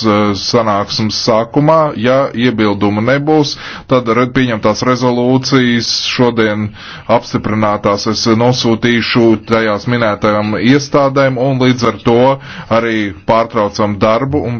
Eh, sanāksmes sākumā. Ja iebildumu nebūs, tad pieņemtās rezolūcijas šodien apstiprinātās es nosūtīšu tajās minētajām iestādēm un līdz ar to arī pārtraucam darbu.